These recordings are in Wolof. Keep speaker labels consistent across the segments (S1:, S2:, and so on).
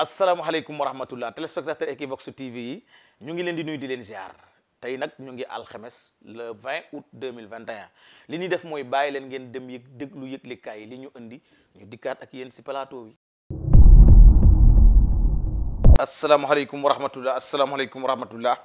S1: asalaamaaleykum wa rahmatullah téléspectateur Equivox TV yi ñu ngi leen di nuy di leen ziar tey nag ñu ngi alxames le 20 août 2021 li ñuy def mooy bàyyi leen ngeen dem yëg déglu yëglekaay yi li ñu indi ñu dikkaat ak yéen si plateau bi. asalaamaaleykum wa rahmatullah asalaamaaleykum wa rahmatullah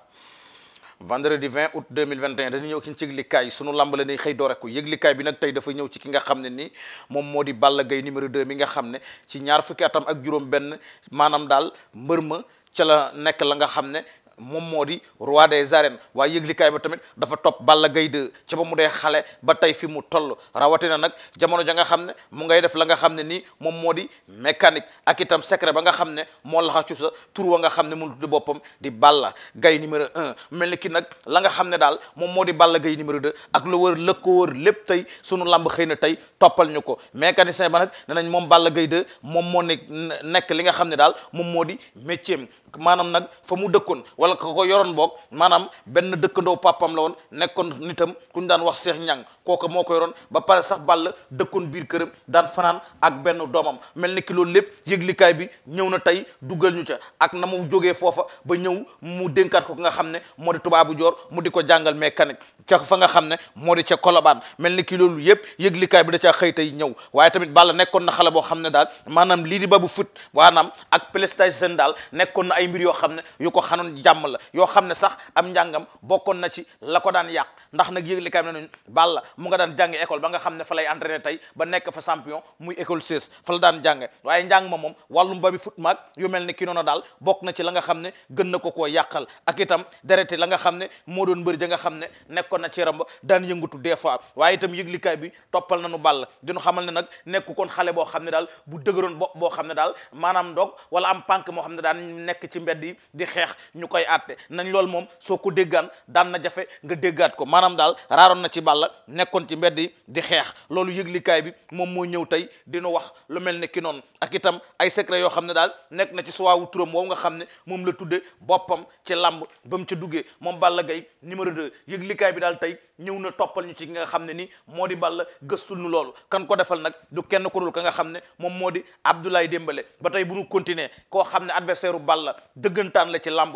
S1: vendredi 20 août 2021 dañu ñëw ci yëglikaay sunu lamb na xëy doo rekku yëglikaay bi nag tey dafa ñëw ci ki nga xam ne nii moom moo di Balla Gaye numéro 2 mi nga xam ne ci ñaar fukki atam ak juróom benn maanaam daal mbër ma ca la nekk la nga xam ne moom moo di roi des arènes waaye yëglikaay ba tamit dafa topp Balla Gaye 2 ci ba mu dee xale ba tey fi mu toll rawatina nag jamono ja nga xam ne mu ngay def la nga xam ne nii moom moo di mécanique ak itam secret ba nga xam ne moo laxacu sa tur wa nga xam ne mu tudd boppam di Balla Gaye numéro un mel ni kii nag la nga xam ne daal moom moo di Balla Gaye numéro deux ak la wër lëk lépp tey sunu lamb xëy na tey toppal ñu ko mécanicien ba nag ne moom Balla Gaye moom moo nekk nekk li nga xam ne daal moom moo di métier maanaam nag fa mu dëkkoon wala ka ko yoroon boog maanaam benn dëkkandoo papam la woon nekkoon nitam ku ñu daan wax seex Ñang kooka moo ko yoroon ba pare sax Balla dëkkoon biir këram daan fanaan ak benn doomam mel ni ki lépp yëglikaay bi ñëw na tey dugal ñu ca ak na mu jógee foofa ba ñëw mu dénkaat ko nga xam ne moo di tubaabu joor mu di ko jàngal mécanique ca fa nga xam ne moo di ca kolobaan mel ni ki loolu yëpp yëglikaay bi da caa xëy tey ñëw waaye tamit Balla nekkoon na xale boo xam ne daal maanaam lii di babu fut waanaam ak PlayStation daal nekkoon na ay mbir yoo xam ne yu ko xanoon jàmm jàmm la yoo xam ne sax am njàngam bokkoon na ci la ko daan yàq ndax nag yëglikaay bi nañu Balla mu nga daan jànge école ba nga xam ne fa lay entraîné tey ba nekk fa champion muy école seize fa la daan jànge waaye njàng ma moom wàllum ba bi fut maag yu mel ni ki noonu daal bokk na ci la nga xam ne gën na ko koo yàqal ak itam derete la nga xam ne moo doon mbëri ja xam ne ba daan yëngutu des fois waaye itam yëglikaay bi toppal nañu Balla dinu xamal nekk koon xale boo xam ne daal bu dëgëroon boo xam ne daal maanaam dog wala am pànk koy àtte nañ loolu moom soo ko déggaan daan na jafe nga déggaat ko maanaam daal raaroon na ci Balla nekkoon ci mbedd di xeex loolu yëglikaay bi moom moo ñëw tey dina wax lu mel ne ki noonu ak itam ay secret yoo xam ne daal nekk na ci suwaawu turam woowu nga xam ne moom la tuddee boppam ci làmb ba mu ca duggee moom Balla Gaye numéro 2 yëglikaay bi daal tey ñëw na toppal ñu ci ki nga xam ne nii moo di Balla gëstul nu loolu kan ko defal nag du kenn ko dul ka nga xam ne moom moo di Abdoulaye Dembélé ba tey bu ñu continuer koo xam ne adversaire u Balla dëggantaan la ci làmb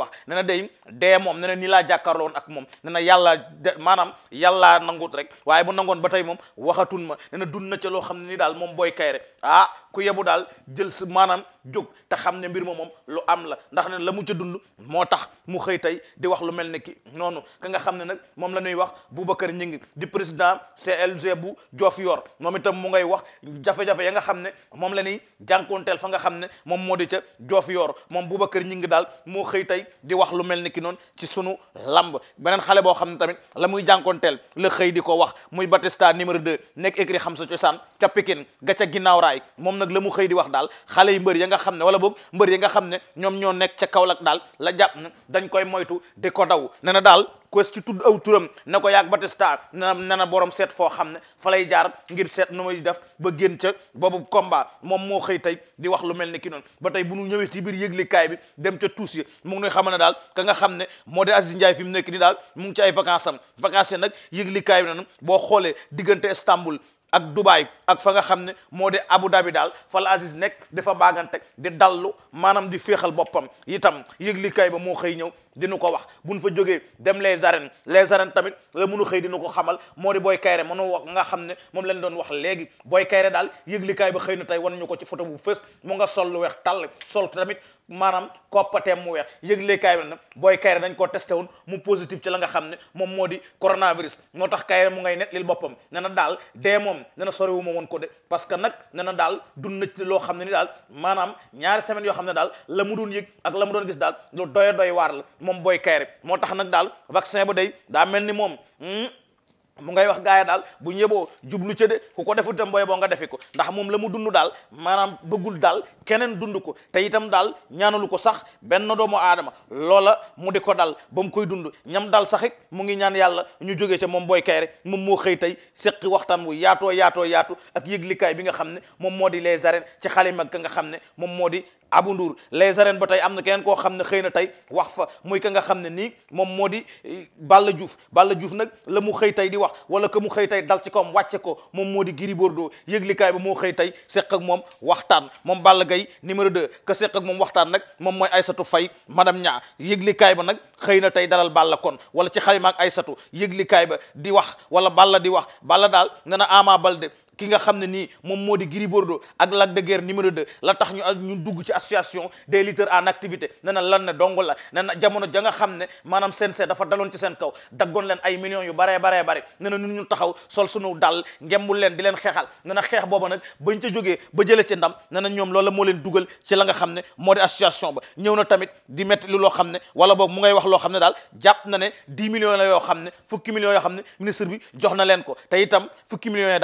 S1: wax ne na day dee moom ne na nii laa jàkkaarloon ak moom ne na yàlla maanaam yàllaa nangut rek waaye bu nangoon ba tey moom waxatun ma ne na dund na ca loo xam ne ni daal moom booy kay ah ku yebu daal jël si maanaam jóg te xam ne mbir ma moom lu am la ndax ne la mu ca dund moo tax mu xëy tey di wax lu mel ne ki noonu ka nga xam ne nag moom la ñuy wax Boubacar Gningue di président CLG bu Diofior moom itam mu ngay wax jafe ya nga xam ne moom la ñuy jànkuwanteel fa nga xam ne moom moo di ca joof yoor moom Boubacar Gningue daal moo xëy tey di wax lu mel ni ki noonu ci sunu lamb beneen xale boo xam ne tamit la muy jànkuwanteel la xëy di ko wax muy Batista numéro 2 nekk écrit xam sa cosaan ca Pikine ga ca ginnaaw raay moom nag la mu xëy di wax daal xale yi mbër ya nga xam ne wala boog mbër ya nga xam ne ñoom ñoo nekk ca Kaolack daal la jàpp na dañ koy moytu di ko daw ne na daal quest ci tudd aw turam ne ko yaag Batista na ne na boroom seet foo xam ne fa lay jaar ngir seet nu muy def ba génn ca boobu combat moom moo xëy tey di wax lu mel ni ki noonu ba tey bu ñu ñëwee si biir yëglikaay bi dem ca tuus yi mu ngi nuy xamal ne daal ka nga xam ne moo di Aziz Ndiaye fi mu nekk ni daal mu ngi ci ay vacances am vacances nag yëglikaay bi nanu boo xoolee diggante Istanbul ak Dubaay ak fa nga xam ne moo de Abu Dhabi daal fal Aziz nekk dafa baagante di dallu maanaam di féexal boppam itam yëglikaay ba moo xëy ñëw dina ko wax bu buñ fa jógee dem les arènes les arènes tamit la munu xëy dina ko xamal moo di Boy Kayre manu wax nga xam ne moom lañ doon wax léegi Boy Kayre daal yëglikaay ba xëy na tey wan ñu ko ci photo bu fës mu nga sol lu weex tàll sol tamit maanaam koppateem mu weex yëglikaay bi nag booy Kayre dañ koo testé woon mu positif ci la nga xam ne moom moo di coronavirus moo tax Kayre mu ngay net lil boppam ne na daal dee moom ne na soriwu woon ko de parce que nag ne na daal dun na loo xam ne ni daal maanaam ñaari semaines yoo xam ne daal la mu doon yëg ak la mu doon gis daal lu doy doy waar la moom booy rek moo tax nag daal vaccin ba day daa mel ni moom hmm, mu ngay wax gaaya daal bu ñu yeboo jublu ca ku ko defu itam booy boo nga defi ko ndax moom la mu dund daal maanaam bëggul daal keneen dund ko te itam daal ñaanalu ko sax benn doomu aadama loola mu di ko dal ba mu koy dund ñam daal sax it mu ngi ñaan yàlla ñu jógee ca moom booy rek moom moo xëy tey seqi waxtaan wu yaatoo yaatoo yaatu ak yëglikaay bi nga xam ne moom moo di les arènes ci xalima ka nga xam ne moom moo di Abu Ndour les arènes ba tey am na keneen koo xam ne xëy na tey wax fa muy ka nga xam ne nii moom moo di eh, Balla Diouf Balla Diouf nag la mu xëy tey di wax wala ko mu xëy tey dal ci kawam wàcce ko moom moo di Gris Bordeaux yëglikaay ba moo xëy tey seq ak moom waxtaan moom Balla gay numéro 2 que seq ak moom waxtaan nag moom mooy Aysatu Fay madame ñaa yëglikaay ba nag xëy na tey dalal Balla kon wala ci xalima ak Aysatu yëglikaay ba di wax wala Balla di wax Balla daal ne na Ama de ki nga xam ne nii moom moo di Gris Bordeaux ak Lac de Guerre numéro 2 la tax ñu dugg ci association des lutteurs en activité ne na lan ne dong la ne na jamono ja nga xam ne maanaam seen CNG dafa daloon ci seen kaw daggoon leen ay millions yu baree baree bare ne na ñun ñu taxaw sol sunu dal ngembul leen di leen xeexal ne na xeex booba nag bañ ca jógee ba jëlee ci ndam ne na ñoom loola moo leen dugal ci la nga xam ne moo di association ba ñëw na tamit di metti loo xam ne wala boog mu ngay wax loo xam ne daal jàpp na ne 10 millions la yoo xam ne fukki millions yoo xam ne ministre bi jox na ko te itam fukki millions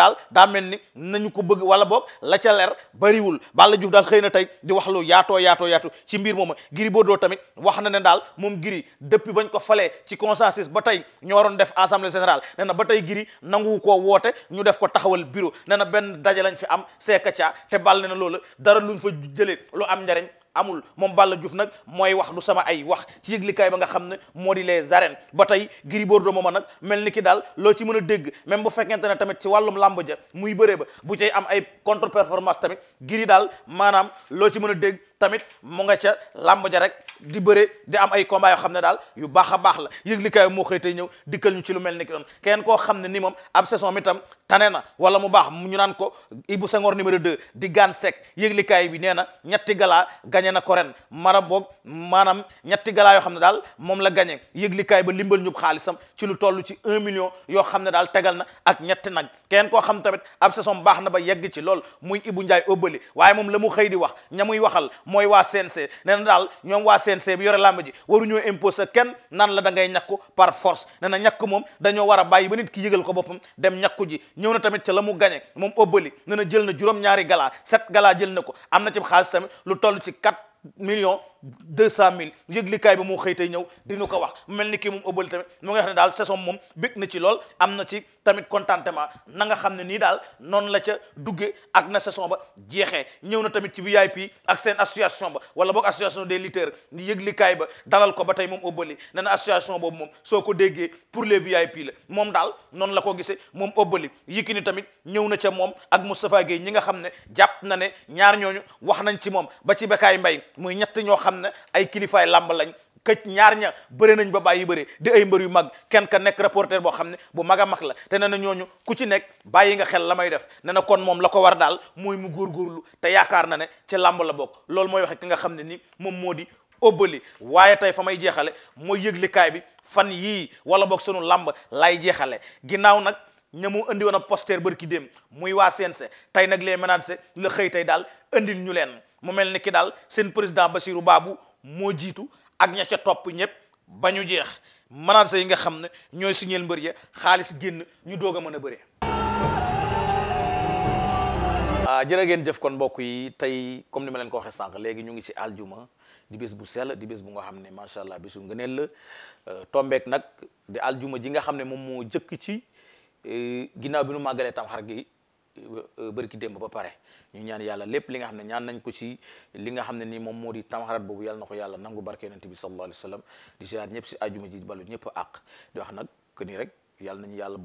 S1: mel ni nañu ko bëgg wala boog la ca leer bariwul Balla Diouf daal xëy na tey di wax lu yaatoo yaato yaatu ci mbir mooma Gris Bordeaux tamit wax na ne daal moom giri depuis bañ ko falee ci consensus ba tey ñu waroon def assemblée générale nee na ba tey giri nangu koo woote ñu def ko taxawal bureau nee na benn daje lañ fi am seekaca te bal ne na loolu dara luñ fa jëlee lu am njariñ amul moom Balla Diouf nag mooy wax du sama ay wax ci yëglikaay ba nga xam ne moo di les arènes ba tey boor Bordeaux mooma nag mel ni ki daal loo ci mën a dégg même bu fekkente ne tamit ci wàllum làmb ja muy bëre ba bu cay am ay contre performance tamit giri daal maanaam loo ci mën a dégg tamit mu nga ca làmb ja rek di bëre di am ay combat yoo xam ne daal yu baax a baax la yëglikaay moo xëy tey ñëw dikkal ñu ci lu mel ni ki kenn koo xam ne ni moom ab saison mi tam na wala mu baax ñu naan ko Ibou Senghor numéro 2 di gaan sec yëglikaay bi nee na ñetti galaa gañe na ko ren mara boog maanaam ñetti galaa yoo xam ne daal moom la gañe yëglikaay ba limbal ñub xaalisam ci lu toll ci un million yoo xam ne daal tegal na ak ñetti nag kenn koo xam tamit ab saison baax na ba yegg ci lool muy Ibou Ndiaye Obali waaye moom la mu xëy di wax ña muy waxal mooy waa CNC nee na daal ñoom waa CNC bi yore làmb ji waruñoo sa kenn nan la da ngay ñàkku par force nee na ñàkk moom dañoo war a bàyyi ba nit ki yëgal ko boppam dem ñàkku ji ñëw na tamit ca la mu gañe moom obali nee na jël na juróom-ñaari gala set gala jël na ko am na ci xaalis tamit lu toll ci quatre million deux cent mille yëglikaay ba mu xëy tey ñëw dinu ko wax mel ni kii moom ëbbali tamit mu nga xam ne daal saison moom bég na ci lool am na ci tamit contentement na nga xam ne nii daal noonu la ca dugge ak na saison ba jeexee ñëw na tamit ci VIP ak seen association ba wala boog association des lutteurs ni yëglikaay ba dalal ko ba tey moom ëbbali ne na association boobu moom soo ko déggee pour les VIP la moom daal noonu la ko gisee moom ëbbali ni tamit ñëw na ca moom ak ñi nga xam ne jàpp na ne ñaar ñooñu wax nañ ci moom ba ci Bekaay Mbaye muy ñett ñoo xam ne ay kilifaay làmb lañ këc ñaar ña bëri nañ ba bàyyi bëri di ay mbër yu mag kenn ka nekk reporter boo xam ne bu mag a mag la te nee na ñooñu ku ci nekk bàyyi nga xel la may def ne na kon moom la ko war daal muy mu góorgóorlu te yaakaar na ne ci làmb la bokk loolu mooy waxe ki nga xam ne nii moom moo di óbbali waaye tey fa may jeexale mooy yëglikaay bi fan yii wala boog sunu làmb lay jeexale ginnaaw nag ñamu indi woon a poster bër ki dem muy waa CNC tey nag les menaces la xëy tey daal indil ñu leen mu mel ni ki daal seen président Bassirou baabu moo jiitu ak ña ca topp ñëpp ba ñu jeex manager yi nga xam ne ñooy signeel mbër ya xaalis génn ñu doog a mën a bëree. ah jërë ngeen jëf kon mbokk yi tey comme ni ma leen ko waxee sànq léegi ñu ngi ci aljuma di bés bu sell di bés bu nga xam ne macha allah bésu ngëneel la euh, tombeek nag di aljuma ji nga xam ne moom moo jëkk ci euh, ginnaaw bi nu màggalee tam xar gi. Euh, bërki démb ba pare ñu ñaan yàlla lépp li nga xam ne ñaan nañ ko ci li nga xam ne nii moom moo di tamxarat boobu yàlla na ko yàlla nangu barke yonent bi sallallahu alayhi wa sallam di ziar ñëpp si ajuma ji balu ñëpp àq di wax nag que ni rek yàlla nañu yàlla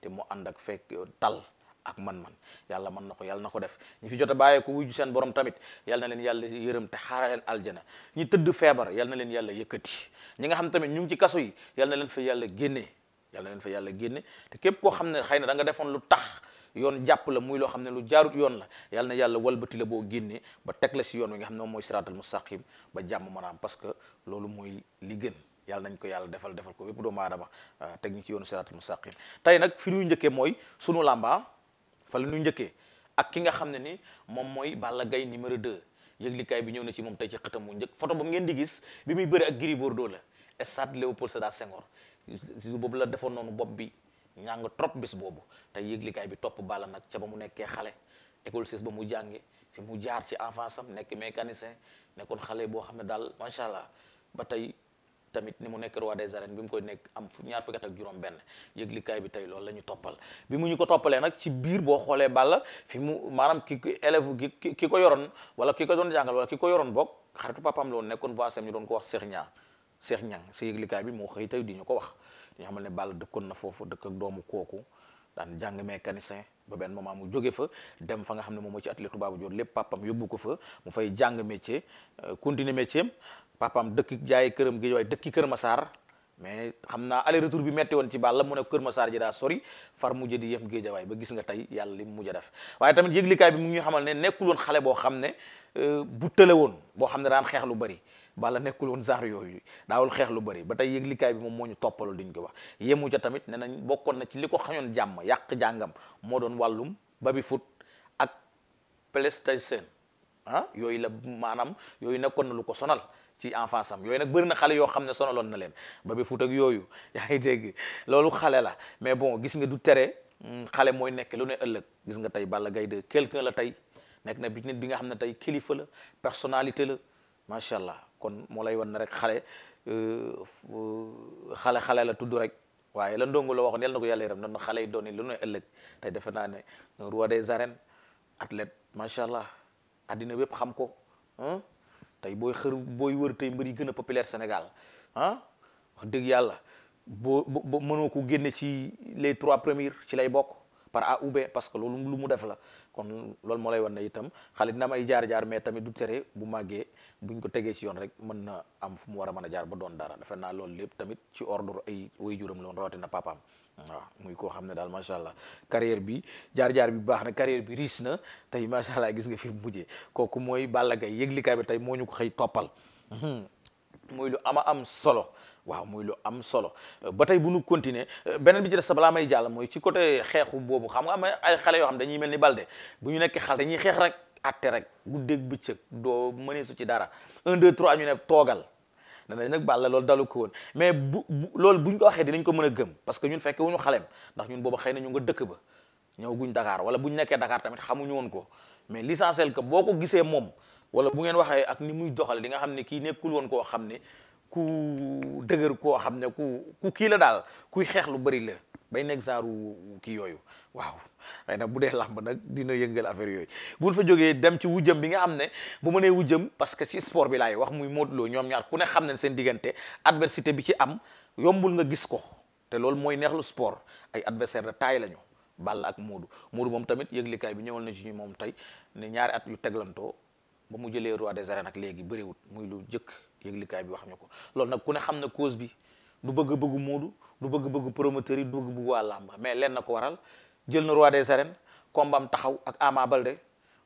S1: te mu ànd ak euh, tal ak man-man yàlla mën na ko yàlla na ko def ñu fi jot a bàyyee ko wujju seen borom tamit yàlla na leen yàlla yërëm te xaaral leen aljana ñi tëdd feebar yàlla na leen yàlla yëkkati ñi nga xam tamit ñu ngi ci kaso yi yàlla na leen fa yàlla génnee yàlla leen fa yàlla génne te képp koo xam ne xëy na da nga defoon lu tax yoon jàpp la muy loo xam ne lu jaarut yoon la yàlla na yàlla walbati la boo génnee ba teg la si yoon wi nga xam ne mooy siraatal mustaqim ba jàmm maraam parce que loolu mooy li gën yàlla nañ ko yàlla defal defal ko bépp doomu aadama euh, teg ci yoonu siraatal mustaqim tey nag fi ñuy njëkkee mooy sunu làmba fa la njëkkee ak ki nga xam ne ni moom mooy Balla Gaye numéro 2 yëglikaay bi ñëw na ci moom tey ci xëtam mu njëkk photo ba ngeen di gis bi muy bëri ak Gris Bordeaux la stade Léopold Sédar Senghor Zizou boobu la defoon noonu bopp bi ñàng trop bis boobu tey yëglikaay bi topp Balla nag ca ba mu nekkee xale école sis ba mu jànge fi mu jaar ci enfance am nekk mécanicien nekkoon xale boo xam ne daal macha allah ba tey tamit ni mu nekk roi des arènes bi mu koy nekk am ñaar fukki at ak juróom benn yëglikaay bi tey loolu la ñu toppal bi mu ñu ko toppalee nag ci biir boo xoolee Balla fi mu maanaam ki élève ki ki ko yoroon wala ki ko doon jàngal wala ki ko yoroon boog xaritu papaam la woon nekkoon voisin ñu doon ko wax Cheikh ñan si yëglikaay bi moo xëy tey di ñu ko wax di ñu xamal ne Balla dëkkoon na foofu dëkk ak doomu kooku daan jàng mécanicien ba benn moment mu jóge fa dem fa nga xam ne moom moo ci atelier tubaabu joor lépp papam yóbbu ko fa mu fay jàng métier euh, continuer métier papam dëkk jaay këram gi waaye dëkki Kër Massar mais xam naa aller bi metti woon ci Balla mu ne Kër Massar ji daa sori far mujj di yem géejawaay ba gis nga tey yàlla li mu mujj def waaye tamit yëglikaay bi mu ngi xamal ne nekkul woon xale boo xam ne euh, bu tële woon boo xam ne daan xeex lu bari Balla nekkul woon genre yooyu daawul xeex lu bëri ba tey yëglikaay bi moom moo ñu toppalool diñ ko wax yemu ca tamit ne nañ bokkoon na ci li ko xañoon jàmm yàq jàngam moo doon wàllum baby foot ak PlayStation ah yooyu la maanaam yooyu nekkoon na lu ko sonal ci enfance am yooyu nag bëri na xale yoo xam ne sonaloon na leen baby foot ak yooyu yaa ngi dégg loolu xale la mais bon gis nga du tere mm, xale mooy nekk lu ne ëllëg gis nga tey bala Gaye de quelqu'un la tey nekk na bi nit bi nga xam ne tey kilifa la personnalité la macha allah kon moo lay wan ne rek xale euh, xale xale la tudd rek waaye la ndongo la waxoon yal na ko yàlla yaram noonu xale yi doon lu ne ëllëg tey defe naa ne euh, roi des arènes athlète macha allah addina bépp xam ko tey booy xër booy wër tey mbër yi gën a populaire Sénégal ah dëgg yàlla boo boo mënoo ko génne ci les trois premiers ci lay bokk. par A ou parce que loolu lu mu def la kon loolu moo lay wan na itam xale dina am ay jaar-jaar mais tamit du tere bu màggee buñ ko tegee ci yoon rek mën na am fu mu war a mën a jaar ba doon dara defe naa loolu lépp tamit ci ordre ay waajuram la woon rawatina papaam waaw muy koo xam ne daal macha allah carrière bi jaar-jaar bi baax na carrière bi riis na tey macha allah gis nga fi mujjee kooku mooy Balla Gaye yëglikaay bi tey moo ñu ko xëy toppal hmm, muy lu ama am solo waaw muy lu am solo ba tey bu nu continuer beneen bi ci des sa balaa may jàll mooy ci côté xeexu boobu xam nga am ay xale yoo xam dañuy mel ni balde bu ñu nekk xal dañuy xeex rek atte rek guddeeg bëccëg doo mënee su ci dara un deux trois ñu ne toogal danañ nag Balla loolu dalu ko mais bu loolu buñ ko waxee dinañ ko mën a gëm parce que ñun fekke wuñu xaleem ndax ñun boobu xëy na ñu nga dëkk ba ñëw guñ Dakar bu ñu nekkee Dakar tamit xamuñu woon ko mais l'essentiel ko boo ko gisee moom wala bu ngeen waxee ak ni muy doxal di nga xam ne kii nekkul woon koo xam ne ku dëgër koo xam ne ku kii la daal kuy xeex lu bari la bay nekk saaru kii yooyu waaw xëy na bu dee làmb nag dina yëngal affaire yooyu buñ fa jógee dem ci wujjëm bi nga xam ne bu ma nee wujjëm parce que ci sport bi laay wax muy Modou ñoom ñaar ku ne xam ne seen diggante adversité bi ci am yombul nga gis ko te loolu mooy neexlu sport ay adversaire de taille lañu Balla ak Modou Modou moom tamit yëglikaay bi ñëwal na ci ñu moom tey ne ñaari at yu teglantoo ba mu jëlee roi des arènes léegi bëriwut muy lu jëkk yëglikaay bi wax ñu ko lool nag ku ne xam na cause bi du bëgg bëgg Moodu du bëgg-bëggu promoteur yi du bëgg-bëggu waa làmb mais leen na ko waral jël na roi des arènes kombaam taxaw ak Ama Baldé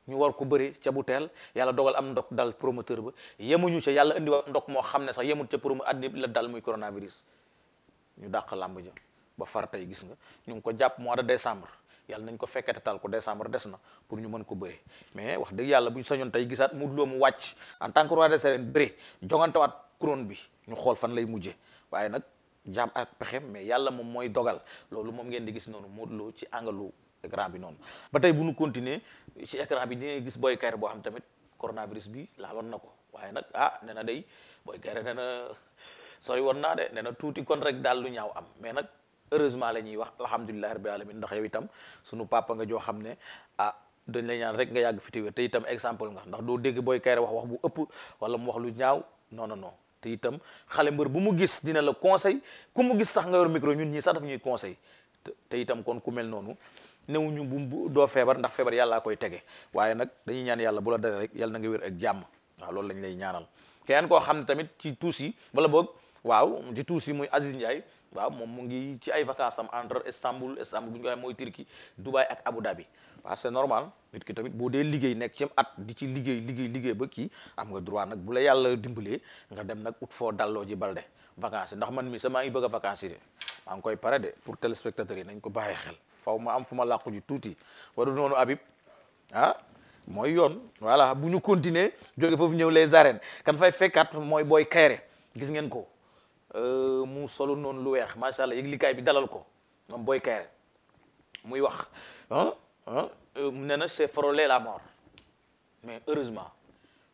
S1: ñu war ko bëre ca bu teel yàlla dogal am ndok dal promoteur ba yemuñu ca yàlla indiwaat ndok moo xam ne sax yemut ca promo àddina bi la dal muy coronavirus ñu dàq làmb ja ba far tey gis nga ñu ngi ko jàpp mois de décembre yàlla nañ ko fekkate tal ko décembre des na pour ñu mën ko bëre mais wax dëgg yàlla bu ñu sañoon tey gisaat Modou Lo mu wàcc en tant que roi des arènes bëre jongantewaat couronne bi ñu xool fan lay mujje waaye nag jaam ak pexem mais yàlla moom mooy dogal loolu moom ngeen di gis noonu Modou ci angalu écran bi noonu ba tey bu ñu continuer ci écran bi dina gis Boy Kayre boo xam tamit coronavirus bi laaloon na ko waaye nag a ah, nee na day Boy Kayre nee na sori woon naa de nee na tuuti kon rek daal lu ñaaw am mais nag heureusement la ñuy wax alhamdulilahi rabbil alamin ndax yow itam sunu papa nga joo xam ne ah dañ lay ñaan rek nga yàgg fi te itam exemple nga ndax doo dégg booy kayre wax wax wax lu ñaaw non non non te itam xale mbër bu mu gis dina la conseil ku mu gis sax nga yor micro ñun ñii sax daf ñuy conseil itam kon ku mel noonu newuñu bu doo feebar ndax feebar yàllaa koy tege waaye nag dañuy ñaan yàlla bu la dare rek yàlla na nga wér ak jàmm waaw loolu lañ lay ñaanal keneen koo xam ne tamit ci tuus yi wala boog waaw ci tuus muy Aziz Ndiaye waaw moom mu ngi ci ay vacances am entre Istanbul Istanbul bu ñu koy mooy Turquie Dubaï ak Abu Dhabi waaw c'est normal nit ki tamit boo dee liggéey nekk ci at di ci liggéey liggéey liggéey ba kii am nga droit nag bu la yàlla dimbalee nga dem nag ut foo dalloo ji balde vacances ndax man mi sama ngi bëgg a vacances de maa ngi koy pare de pour téléspectateurs yi nañ ko bàyyi xel faw ma am fu ma làqu ji tuuti waru noonu Habib ah mooy yoon voilà bu ñu continuer jóge foofu ñëw les arènes kan fay fekkaat mooy booy kayre gis ngeen ko Euh, mu solo noonu lu weex macha allah yëglikaay bi dalal ko moom booy kayre muy wax ah ah euh, nee na c'est frôler la more mais heureusement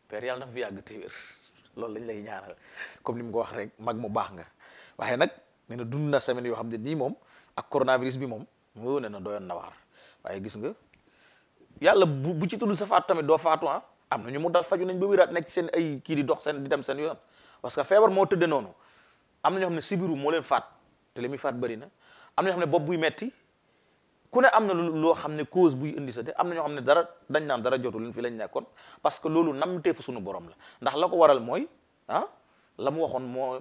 S1: père yàlla na fi yàgg te wér loolu lañ lay ñaanal comme ni mu ko wax rek mag mu baax nga waaye nag nee na dund na semaine yoo xam ne nii moom ak coronavirus bi moom mu ne na doyoon na waar waaye gis nga yàlla bu bu ci tudd sa faatu tamit doo faatu ah am na ñu mu dal faju nañ ba wéraat nekk ci seen ay kii di dox seen di dem seen parce que feebar moo tëddee am na ñoo xam ne sibiru moo leen faat te li muy faat bëri na am na ñoo xam ne bopp buy metti ku ne am na loo xam ne cause buy indi sa de am na ñoo xam ne dara dañ naan dara jotu leen fi lañ nekkoon parce que loolu namtee fu suñu borom la ndax la ko waral mooy ah la mu waxoon moo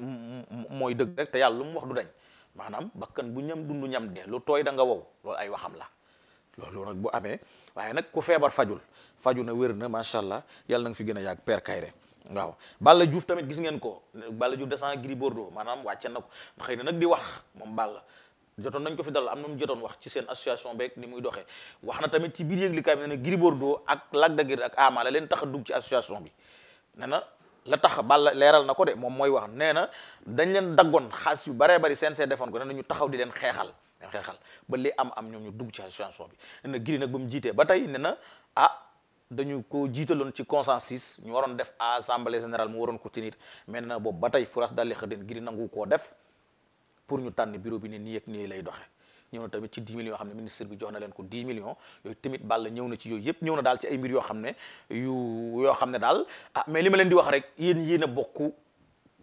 S1: mooy dëgg rek te yàlla lu mu wax du dañ maanaam bakkan bu ñam dund ñam de lu tooy da nga wow loolu ay waxam la loolu nag bu amee waaye nag ku feebar fajul faju na wér na macha allah yàlla na fi gën a yàgg per Kairé waaw Balla Diouf tamit gis ngeen ko Balla Diouf descend Gris Bordeaux maanaam wàcce na ko xëy na nag di wax moom Balla jotoon nañ ko fi dal am na mu jotoon wax ci seen association beeg ni muy doxee wax na tamit ci biir yëglikaay bi ne ne Gris Bordeaux ak Lac la leen tax a dugg ci association bi ne na la tax Balla leeral na ko de moom mooy wax nee na dañ leen daggoon xaas yu baree bari seen seen defoon ko ne na ñu taxaw di leen xeexal leen xeexal ba li am am ñoom ñu dugg ci association bi ne na nag ba mu jiitee ba tey ne na ah dañu ko jiitaloon ci consensus ñu waroon def assemblée général mu waroon ko tenir maintenant boobu ba tey furaas dalli xëdin gi di nangu koo def pour ñu tànn bureau bi ne nii ak nii lay doxe ñëw na tamit ci 10 millions yoo xam ne bi jox na leen ko 10 millions yooyu tamit Balla ñëw na ci yooyu yëpp ñëw na daal ci ay mbir yoo xam ne yu yoo xam ne daal ah mais li ma leen di wax rek yéen yéen a bokku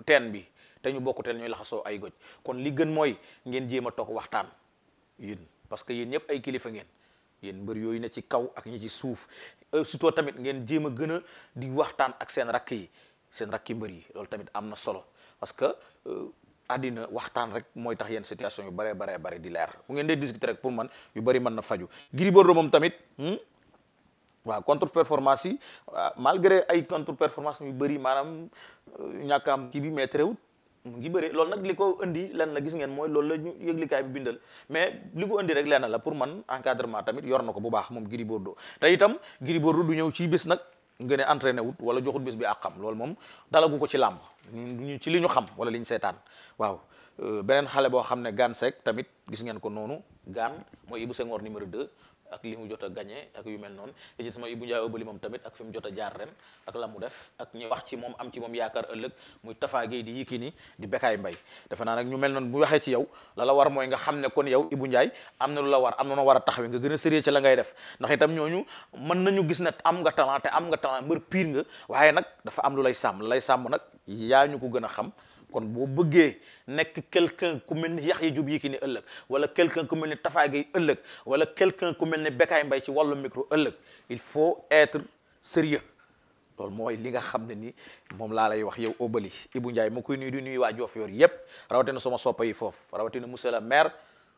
S1: teen bi te ñu bokku teen ñooy laxasoo ay goj kon li gën mooy ngeen jéem a waxtaan yéen parce que yéen ñëpp ay kilifa ngeen yéen mbër yooyu ne ci kaw ak ñi ci suuf euh, surtout tamit ngeen jéem a gën a di waxtaan ak seen rakk yi seen rakki mbër yi loolu tamit am na solo parce que euh, àddina waxtaan rek mooy tax yenn situation yu bare bare bare di leer bu ngeen dee discuter rek pour man yu bëri mën na faju Gris Bordeaux moom tamit hmm? waaw contre performance yi malgré ay contre performance yu bëri maanaam euh, ñàkk am kii bi maître wut mu ngi bëre loolu nag li ko indi lenn la gis ngeen mooy loolu la ñu yëglikaay bi bindal mais li ko indi rek lenn la pour man encadrement tamit yor na ko bu baax moom Gris doo te itam Gris Bordeaux du ñëw ci bés nag nga ne entraîné wut wala joxut bés bi xam loolu moom dalagu ko ci làmb ñu ci li ñu xam wala li ñu seetaan waaw euh, beneen xale boo xam ne Gane Seck tamit gis ngeen ko noonu Gane mooy Ibou Senghor numéro 2 ak li jot a gagné ak yu mel noonu li ci sama Ibou Ndiaye Obali moom tamit ak fi mu jot a jaar ren ak la def ak ñu wax ci moom am ci moom yaakaar ëllëg muy Tafa Gueye di Yékini di Bécaye mbay defe naa nag ñu mel noon bu waxee ci yow la la war mooy nga xam ne kon yow Ibou Ndiaye am na lu la war am na noo war a taxawee nga gën a sérieux ci la ngay def ndax itam ñooñu mën nañu gis ne am nga talent te am nga talent mbër piir nga waaye nag dafa am lu lay sàmm lay sàmm nag yaa ñu ko gën a xam kon boo bëggee nekk quelqu'un ku mel ni Yaxya Jóob Yékini ëllëg wala quelqu'un ku mel ni Tafa Gueye ëllëg wala quelqu'un ku mel ni Bécaye mbay ci wàllu micro ëllëg il faut être sérieux loolu mooy li nga xam ne ni moom laa lay wax yow Obali Ibou Ndiaye ma koy nuy di nuy waa Diofior yépp rawatina suma soppa yi foofu rawatina monsieur le maire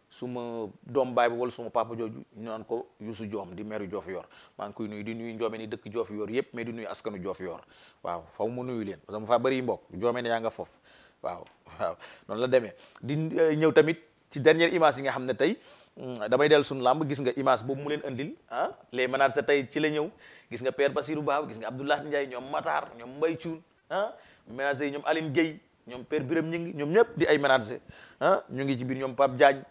S1: suma doom baay bi wala suma jooju ñu naan ko Youssou Diom di maire maa ngi koy nuyu di nuyu njoomeen yi dëkk Diofior yépp mais di nuy askanu Diofior waaw faw mu nuyu leen parce que mu faa bëri mbokk njoomeen yaa nga foofu waaw waaw noonu la demee di eh, ñëw tamit ci dernière image yi nga xam ne tey mm, damay dell suñu làmb gis nga image boobu mu leen andil ah les menaces sa tey ci la ñëw gis nga Père Basirou Ba gis nga Abdoulaye Ndiaye ñoom Matar ñoom mbay Thioune ah menaces yi ñoom alin Gueye ñoom Père biram ñu ngi ñoom ñëpp di ay menaces ah ñu ngi ci biir ñoom Pape Diagne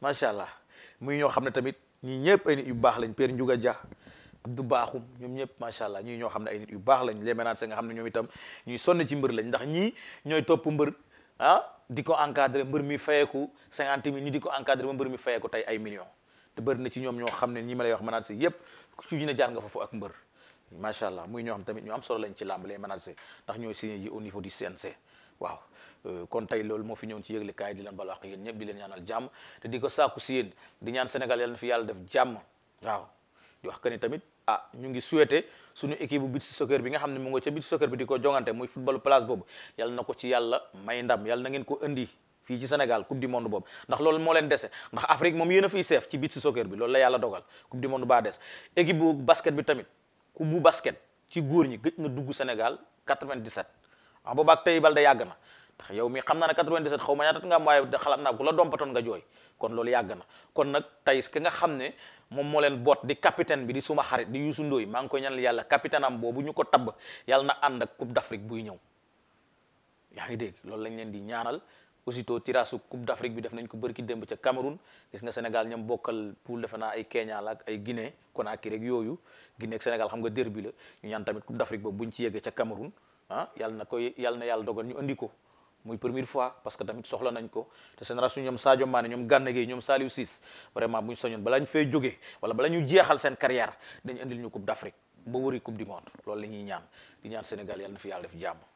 S1: macha allah muy ñoo xam ne tamit ñii ñëpp ay nit yu baax lañ Père Ndiouga Dia Abdou Bakhoum ñoom ñëpp macha allah ñii ñoo xam ne ay yu baax lañ les ménages nga xam ne ñoom itam ñuy sonn ci mbër lañ ndax ñii ñooy topp mbër ah, di ko encadrer mbër mi fayeku cinquante mille ñu ko encadrer tey ay million te bëri na ci ñoom ñoo xam ne ñi ma lay wax ménages yëpp ci ñu ne jaar nga foofu ak mbër macha allah muy ñoo xam tamit ñoo am solo lañ ci làmb les ménages ndax ñooy signé yi au niveau du CNC waaw euh, kon tey loolu moo fi ñëw ci yëgle kaay di leen bal wax yéen ñëpp di leen ñaanal jàmm te di ko saaku si di ñaan Sénégal yàlla na fi yàlla jàmm waaw ah ñu ngi souhaité suñu équipe bu beach soccer bi nga xam ne mu nga ca beach soccer bi di ko jongante muy football place boobu yàlla na ko ci yàlla may ndam yàlla na ngeen ko indi fii ci Sénégal coupe du monde boobu ndax loolu moo leen dese ndax Afrique moom yéen a fiy seef ci beach soccer bi loolu la yàlla dogal coupe du monde baa des équipe bu basket bi tamit coupe bu basket ci góor ñi gëj na dugg Sénégal 97 ah boobaag tey bal da yàgg na tax xam na kon nag tey ki moom moo leen boot di capitaine bi di suma xarit di Youssou Ndoye maa ngi koy ñaanal yàlla capitaine am boobu ñu ko tabb yàlla na ànd ak Coupe d'Afrique buy ñëw yaa ngi dégg loolu lañ leen di ñaanal aussitôt tiraasu Coupe d'Afrique bi def nañ ko ki démb ca Cameroun gis nga Sénégal ñoom bokkal poule defe naa ay Kenya la ak ay Guinée Conakry rek yooyu Guinée ak senegal xam nga derby la ñu ñaan tamit Coupe d'Afrique boobu buñ ci yeggee ca Cameroun ah yàlla na koy yàlla na yàlla dogal ñu andi ko muy première fois parce que tamit soxla nañ ko te génération ñoom Sadio Mané ñoom Gana Gueye ñoom Saliou Ciss vraiment bu ñu soñoon balaa ñu fay jógee wala balaa ñu jeexal seen carrière dañ indil ñu coupe d'Afrique ba wëri coupe du monde loolu la ñuy ñaan di ñaan Sénégal yàlla na fi yàlla def jàmm